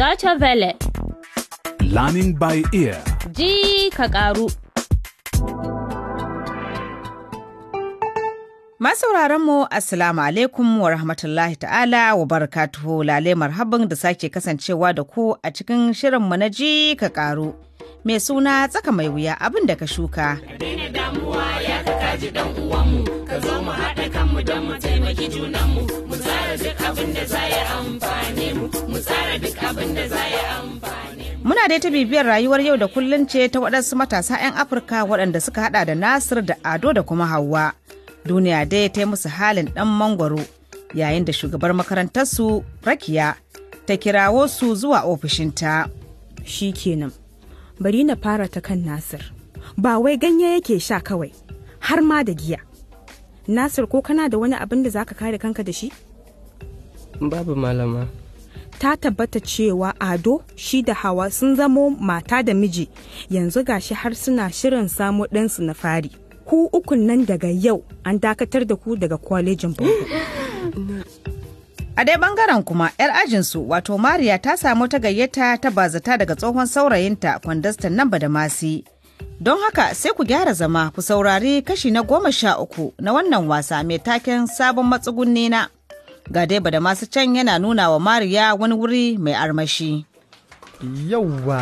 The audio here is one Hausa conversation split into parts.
Dacha Vele. Learning by ear. Ji ka karu. mu Assalamu alaikum wa rahmatullahi ta'ala wa barakatuhu lale marhaban da sake kasancewa da ku a cikin shirin mu na ji ka karu Mai suna tsaka mai wuya abin da ka shuka. Ka damuwa ya ji dan uwanmu ka zo mu haɗa kanmu don mu taimaki junanmu mu tsara duk abin da za ya amfane mu mu tsara duk abin da za ya amfane Muna dai ta bibiyar rayuwar yau da kullun ce ta waɗansu matasa 'yan Afirka waɗanda suka haɗa da Nasir da Ado da kuma Hauwa. Duniya dai ta yi musu halin ɗan mangwaro yayin da shugabar makarantarsu Rakiya ta kirawo su zuwa ofishinta. Shi kenan, bari na fara ta kan Nasir. Ba wai ganye yake sha kawai, har ma da giya nasir ko kana da wani abin da za ka kare kanka da shi babu malama ta tabbata cewa ado shi da hawa sun zamo mata da miji yanzu gashi har suna shirin samu ɗansu na fari ku ukun nan daga yau an dakatar da ku daga kwalejin boko a dai bangaren kuma yar ajinsu wato mariya ta samu ta gayyata ta bazata daga tsohon saurayinta kwandastan nan da masi Don haka sai ku gyara zama ku saurari kashi na goma sha uku na wannan wasa mai taken sabon matsugunni na. Ga dai da masu can yana nuna wa Mariya wani wuri mai armashi. Yauwa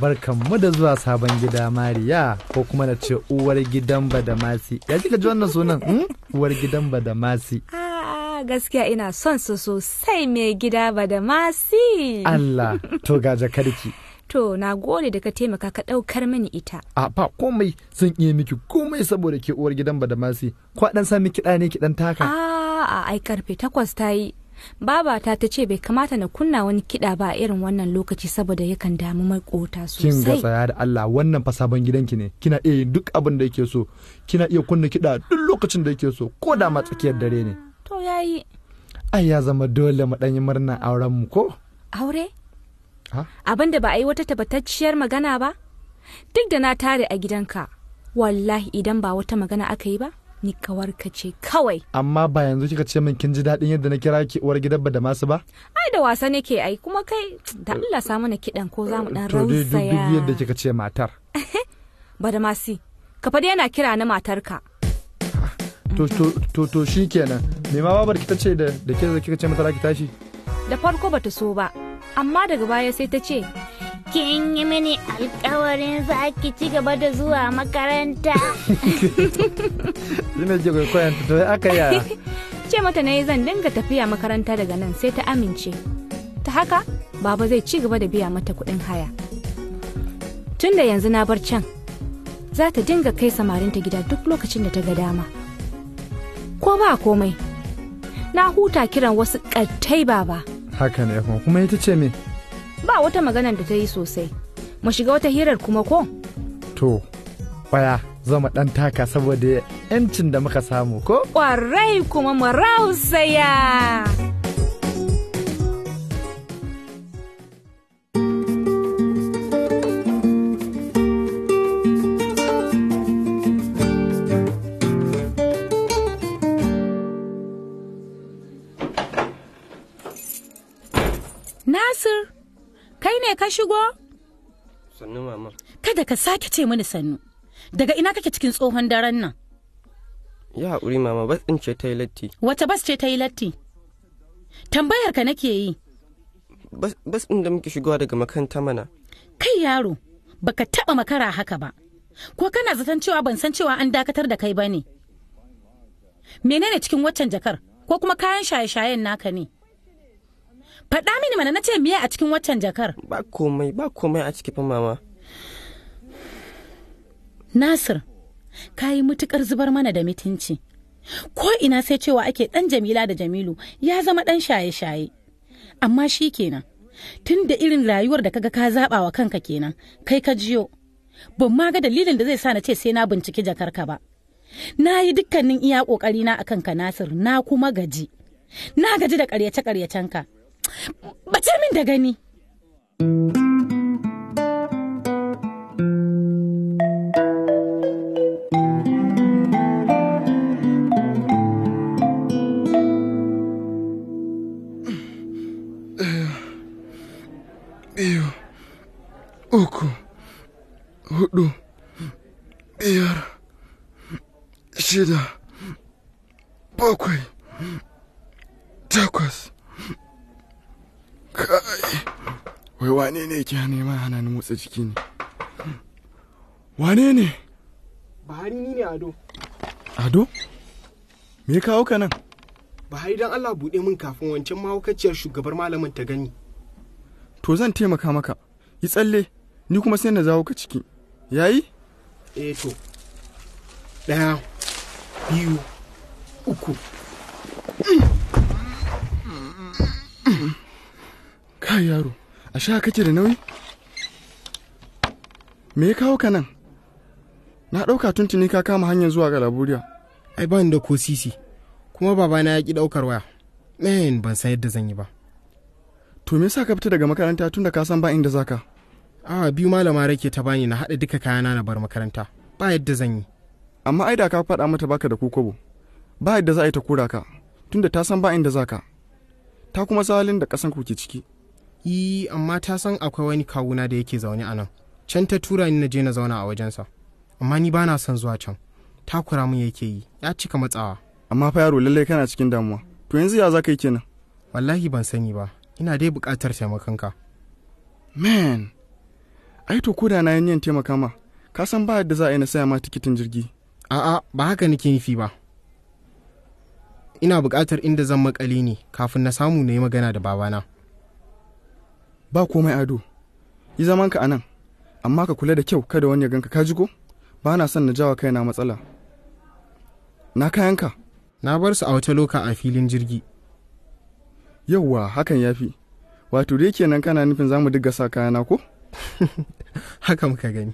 barkanmu da zuwa sabon gida Mariya ko kuma na ce uwar gidan Badamasi. Ya ji ji wannan sunan? Hmm? Uwar gidan Badamasi. Ah, gaskiya ina son su sosai mai gida Badamasi. Allah to ga jakarki. To na gode da ka taimaka ka ɗaukar mini ita. A ba komai zan iya miki komai saboda ke uwar gidan Badamasi. Kwa ɗan sa miki ne ki taka. A ai karfe takwas ta yi. Babata ta ce bai kamata na kunna wani kiɗa ba a irin wannan lokaci saboda yakan damu mai kota sosai. Kin ga tsaya da Allah wannan fa sabon ki ne. Kina iya yin duk abin da yake so. Kina iya kunna kiɗa duk lokacin da yake so ko da ma tsakiyar dare ne. Ah, to yayi. Ai ya zama dole mu ɗan yi murna auren mu ko? Aure? abin da ba a yi wata tabbatacciyar magana ba duk da na tare a gidanka wallahi idan ba wata magana aka yi ba ni kawar ka ce kawai amma ba yanzu kika ce min kin ji daɗin yadda na kira ki uwar gidan ba da masu ba ai da wasa nake ai kuma kai da Allah sa mana kidan ko za mu dan rausaya to duk yadda kika ce matar ba da masi ka fa yana kira na matarka to to to to shikenan me ma babar ki tace da da ke kika ce mata ki tashi da farko bata so ba amma daga baya sai ta ce kin yi mini alkawarin za ki ci gaba da zuwa makaranta ina ji kwaikwayon to aka ya. ce mata na yi zan dinga tafiya makaranta daga nan sai ta amince ta haka baba zai ci gaba da biya mata kuɗin haya tun da yanzu na bar can za ta dinga kai samarinta gida duk lokacin da ta ga dama ko ba komai na huta kiran wasu ƙartai baba haka ne kuma ita ce me ba wata maganar da ta yi sosai mu shiga wata hirar kuma ko to baya zama ɗan taka saboda 'yancin da muka samu ko ƙwarai kuma mu rausaya kai ne ka shigo? Sannu mama. Kada ka sake ce mini sannu. Daga ina kake cikin tsohon daren nan? Ya haƙuri mama bas ɗin ce ta yi latti. Wata bas ce ta yi latti? Tambayar ka nake yi. Bas ɗin da muke shigowa daga makaranta mana. Kai yaro, baka taɓa makara haka ba. Ko kana zaton cewa ban san cewa an dakatar da kai ba ne? Menene cikin waccan jakar? Ko kuma kayan shaye-shayen naka ne? Faɗa mini mana na ce miye a cikin waccan jakar. Ba komai ba komai a ciki fa mama. Nasir, ka yi mutukar zubar mana da mitinci Ko ina sai cewa ake ɗan Jamila da Jamilu ya zama ɗan shaye-shaye. Amma shi kenan, tun da irin rayuwar da kaga ka zaɓa wa kanka kenan, kai ka jiyo. Ban ma ga dalilin da zai sa na ce sai na binciki jakar ka ba. Na yi dukkanin iya ƙoƙarina a kanka Nasir, na kuma gaji. Na gaji da ƙaryace-ƙaryacenka. bace min da gani biyu uku hudu biyar shida bakwai takwas kai wai wane ne ke neman hana motsa jiki ne wane ne bahari ni ne ado ado me kawo ka nan bahari don allah buɗe min kafin wancan mahaukaciyar shugabar malamin ta gani to zan taimaka maka yi tsalle ni kuma sai na zawo ka ciki yayi eh to ɗaya biyu uku Mm-hmm. kai yaro a sha kake da nauyi me ya kawo ka nan na ɗauka tuntuni ka kama hanyar zuwa ga laburiya ai ban da ko sisi kuma babana ya ki ɗaukar waya men ban san yadda zan yi ba to me yasa ka fita daga makaranta tunda ka san ba inda zaka awa biyu malama rake ta bani na haɗa duka kayana na bar makaranta ba yadda zan yi amma ai da ka faɗa mata baka da kokobo ba yadda za a yi ta kura ka tunda ta san ba inda zaka ta kuma salin da ƙasan ku ke ciki yi e, amma ta san akwai wani kawuna da yake zaune a nan can ta tura ni na je na zauna a wajensa amma ni bana son zuwa can Ta takura mun yake yi ya cika matsawa amma fa yaro lallai kana cikin damuwa to yanzu ya zaka yi kenan wallahi ban sani ba ina dai buƙatar taimakonka man ai to ko na yin taimaka ma ka san ba yadda za a yi na saya ma tikitin jirgi a'a ba haka nake nufi ba ina buƙatar inda zan makale ne kafin na samu na yi magana da babana ba komai ado yi zaman ka anan amma ka kula da kyau kada wani ya ganka ka ji ko ba na son na jawa kaina matsala na kayan ka. na bar su a wata loka a filin jirgi yauwa hakan ya fi wato dai kenan kana nufin za mu diga sa kayana ko haka muka gani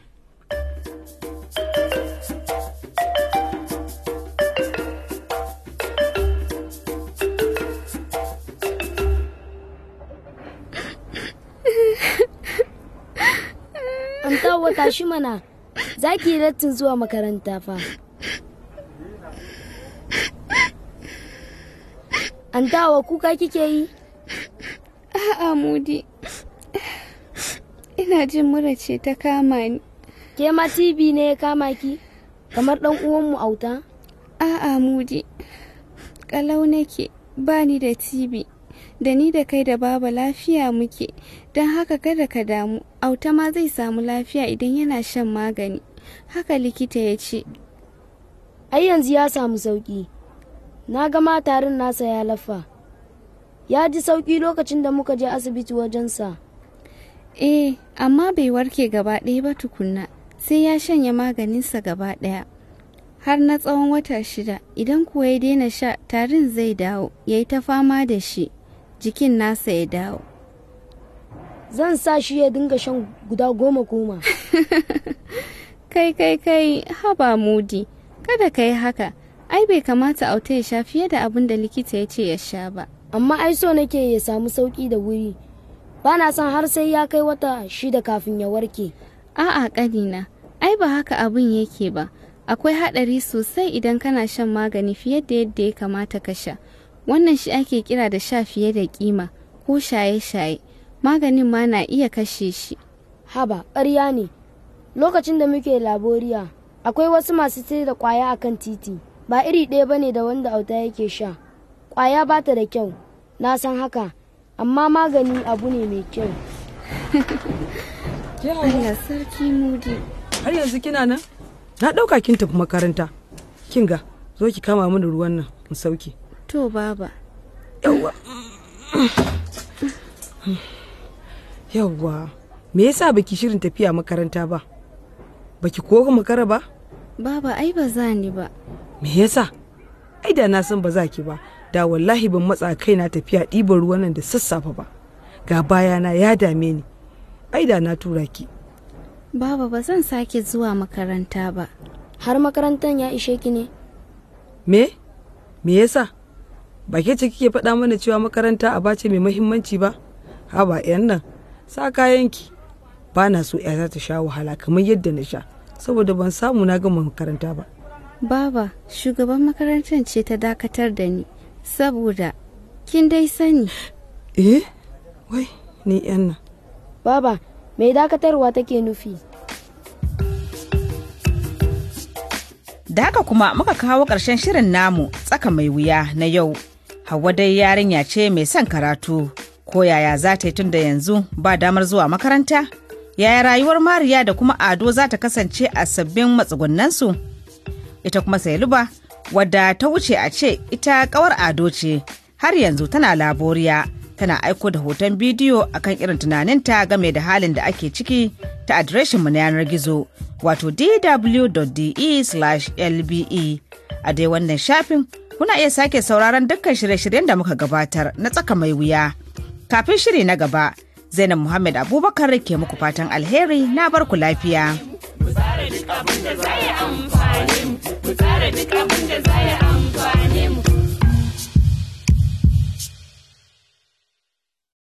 Hauwa tashi mana, za ki yi lattin zuwa makaranta fa. An dawa kuka kike yi? A'a mudi, ina jin mura ce ta kama ni. Ke ma TV ne ya kama ki? Kamar ɗan uwanmu auta? A'a mudi, ƙalau nake, ba ni da tibi. da ni da kai da baba lafiya muke don haka kada ka damu auta ma zai samu lafiya idan yana shan magani haka likita ya ce ai yanzu ya samu sauki na gama tarin nasa ya lafa ya ji sauki lokacin da muka je asibiti wajensa eh amma bai warke gaba ɗaya ba tukunna sai ya shanya maganinsa gaba ɗaya har na tsawon wata shida idan kuwa ya daina sha tarin zai dawo ya yi ta fama da shi jikin nasa ya dawo zan sa shi ya dinga shan guda goma goma kai kai kai haba mudi kada ka yi haka ai bai kamata auta ya sha fiye da abin da likita ya ce ya sha ba amma ai so nake ya samu sauki da wuri ba na son har sai ya kai wata shida kafin ya warke a'a kanina ai ba haka abin yake ba akwai haɗari sosai idan kana shan magani fiye da yadda ya kamata ka sha wannan shi ake kira da sha fiye da kima ko shaye-shaye maganin ma na iya kashe shi haba ƙarya ne lokacin da muke laboriya akwai wasu masu sai da kwaya a kan titi ba iri ɗaya ba ne da wanda auta yake sha kwaya ba ta da kyau na san haka amma magani abu ne mai kyau har yanzu kina nan na ɗauka kin tafi makaranta kin ga zo ki kama mini ruwan nan in sauke to baba yawwa yawwa me yasa baki shirin tafiya makaranta ba baki ko makara ba baba ai ba za ni ba me yasa ai da na san ba za ki ba da wallahi ban matsa kai na tafiya ɗiban ruwan nan da sassafe ba ga bayana ya dame ni ai da na tura ki baba ba zan sake zuwa makaranta ba har makarantar ya ishe ki ne me me yasa ba ke ce kike faɗa mana cewa makaranta a bace mai mahimmanci ba ha ba yan nan sa kayanki ba na so ya ta sha wahala kamar yadda na sha saboda ban samu na gama makaranta ba baba shugaban makarantar ce ta dakatar da ni saboda kin dai sani eh wai ni yan nan baba mai dakatarwa take nufi da haka kuma muka kawo ƙarshen shirin namu tsaka mai wuya na yau Hauwa dai yarinya ce mai son karatu, ko yaya za ta yi tun da yanzu ba damar zuwa makaranta? Yaya rayuwar Mariya da kuma Ado za ta kasance a sabbin matsugunansu? Ita kuma Sailuba, wadda ta wuce a ce ita kawar Ado ce, har yanzu tana laboriya. tana aiko da hoton bidiyo akan irin tunaninta game da halin da ake ciki ta mu na yanar gizo wato dw.de/lbe e. a dai wannan shafin kuna iya sake sauraron dukkan shirye-shiryen da muka gabatar na tsaka mai wuya kafin shiri na gaba zainab muhammad abubakar ke muku fatan alheri na barku lafiya ku lafiya amfani mu